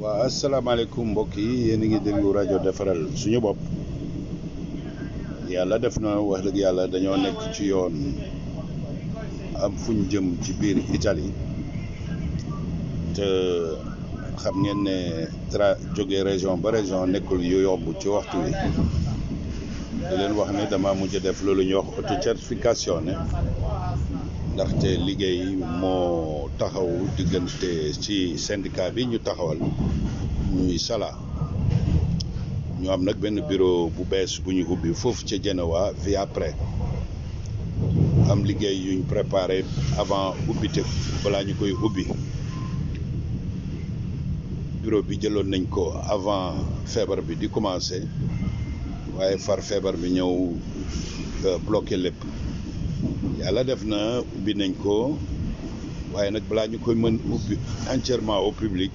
waa asalaamaaleykum mbokk yi yéen a ngi déglu rajo defaral suñu bopp yàlla def na wax dëgg yàlla dañoo nekk ci yoon am fuñ jëm ci biir Italie te xam ngeen ne tra jóge région ba région nekkul yu yomb ci waxtu wi di leen wax ne dama mujj def loolu ñuy wax auto certification ne ndaxte liggéey moo taxaw diggante ci syndicat bi ñu taxawal ñuy sala ñu am nag benn bureau bu bees bu ñu ubbi foofu ca Genoa via après am liggéey yuñ préparé avant ubbite balaa ñu koy ubbi bureau bi jëloon nañ ko avant feebar bi di commencé waaye far feebar bi ñëw euh, bloqué lépp yàlla def na ubbi nañ ko waaye nag balaa ñu koy mën ubbi entièrement au public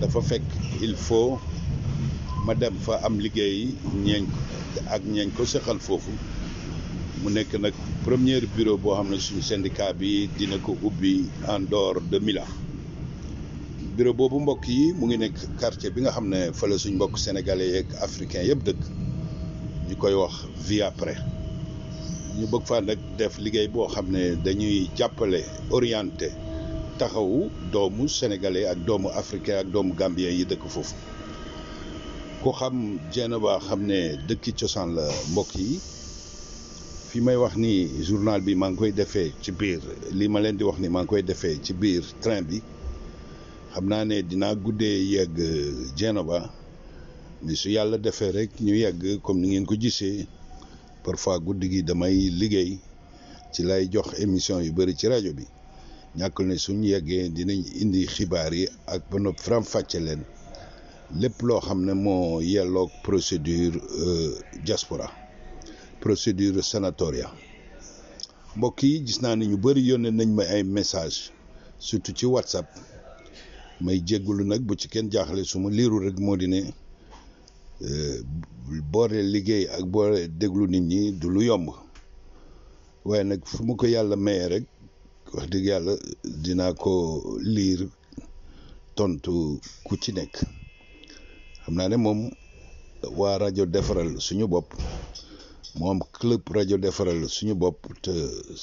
dafa fekk il faut ma dem fa am liggéey ñeeñ ak ñeeñ ko seqal foofu mu nekk nag premier bureau boo xam ne suñu syndicat bi dina ko ubbi en dehors de Milan bureau boobu mbokk yi mu ngi nekk quartier bi nga xam ne fa suñ mbokk sénégalais yeeg africain yëpp dëkk ñu koy wax Via Pre ñu bëgg faa nag def liggéey boo xam ne dañuy jàppale oriente taxaw doomu sénégalais ak doomu africain ak doomu gambien yi dëkk foofu ku xam Dieynaba xam ne dëkki cosaan la mbokk yi fi may wax ni journal bi maa ngi koy defee ci biir li ma leen di wax ni maa ngi koy defee ci biir train bi xam naa ne dinaa guddee yegg Dieynaba mais su yàlla defee rek ñu yegg comme ni ngeen ko gisee parfois guddi gi damay liggéey ci lay jox émission yu bëri ci rajo bi ñàkkul ne suñ yeggee dinañ indi xibaar yi ak ba noppi faram-fàcce leen lépp loo xam ne moo yelloog procédure euh, diaspora procédure sanatoria mbokk yi gis naa ni ñu bëri yónnee nañ ma ay message surtout ci whatsapp may jéggulu nag bu ci kenn jaaxale su ma liiru rek moo di ne euh, boole liggéey ak boole déglu nit ñi du lu yomb waaye nag fu mu ko yàlla mayee rek wax dëgg yàlla dinaa ko liir tontu ku ci nekk xam naa ne moom waa rajo defaral suñu bopp moom club rajo defaral suñu bopp te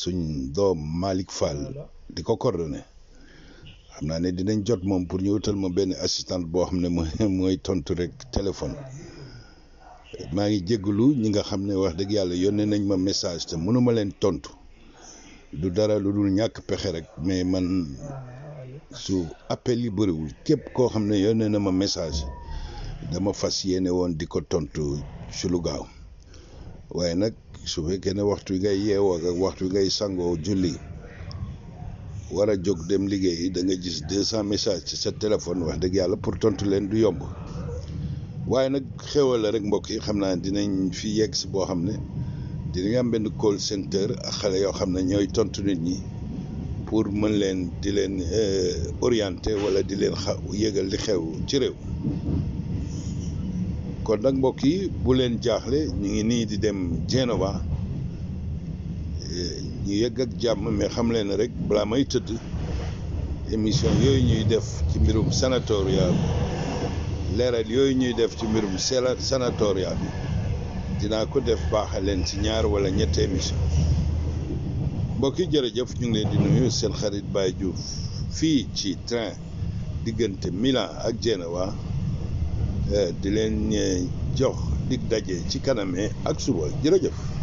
suñ doom Malick Fall di ko coordonné xam naa ne dinañ jot moom pour ñu wutal ma benn assistant boo xam ne mooy mooy tontu rek téléphone. maa ngi jégalu ñi nga xam ne wax dëgg yàlla yónnee nañ ma message te mënuma leen tontu du dara lu dul ñàkk pexe rek mais man su appel yi bëriwul képp koo xam ne yónnee na ma message dama fas yéene woon di ko tontu su lu gaaw waaye nag su fekkee ne waxtu wi ngay yeewoo ak waxtu wi ngay sangoo julli war a jóg dem liggéey da nga gis deux cent messages ci sa téléphone wax dëgg yàlla pour tontu leen du yomb. waaye nag xéwal la rek mbokk yi xam naa dinañ fi yegg si boo xam ne dinañ am benn call center ak xale yoo xam ne ñooy tontu nit ñi pour mën leen di leen euh, orienté wala di leen xa yëgal li xew ci kon nag mbokk yi bu leen jaaxle ñu ngi nii di dem Genova euh, ñu yëgg ak jàmm mais xam leen rek balaa may tëdd émission yooyu ñuy def ci mbirum sanatoria leeral yooyu ñuy def ci mbirum sénatorial bi dinaa ko def baaxal leen ci ñaar wala ñetti émission mbokk jërëjëf ñu ngi leen di nuyu seen xarit Baye Diouf fii ci train diggante Milan ak Genoa eh, di leen eh, jox di daje ci kaname eh, ak suba jërëjëf.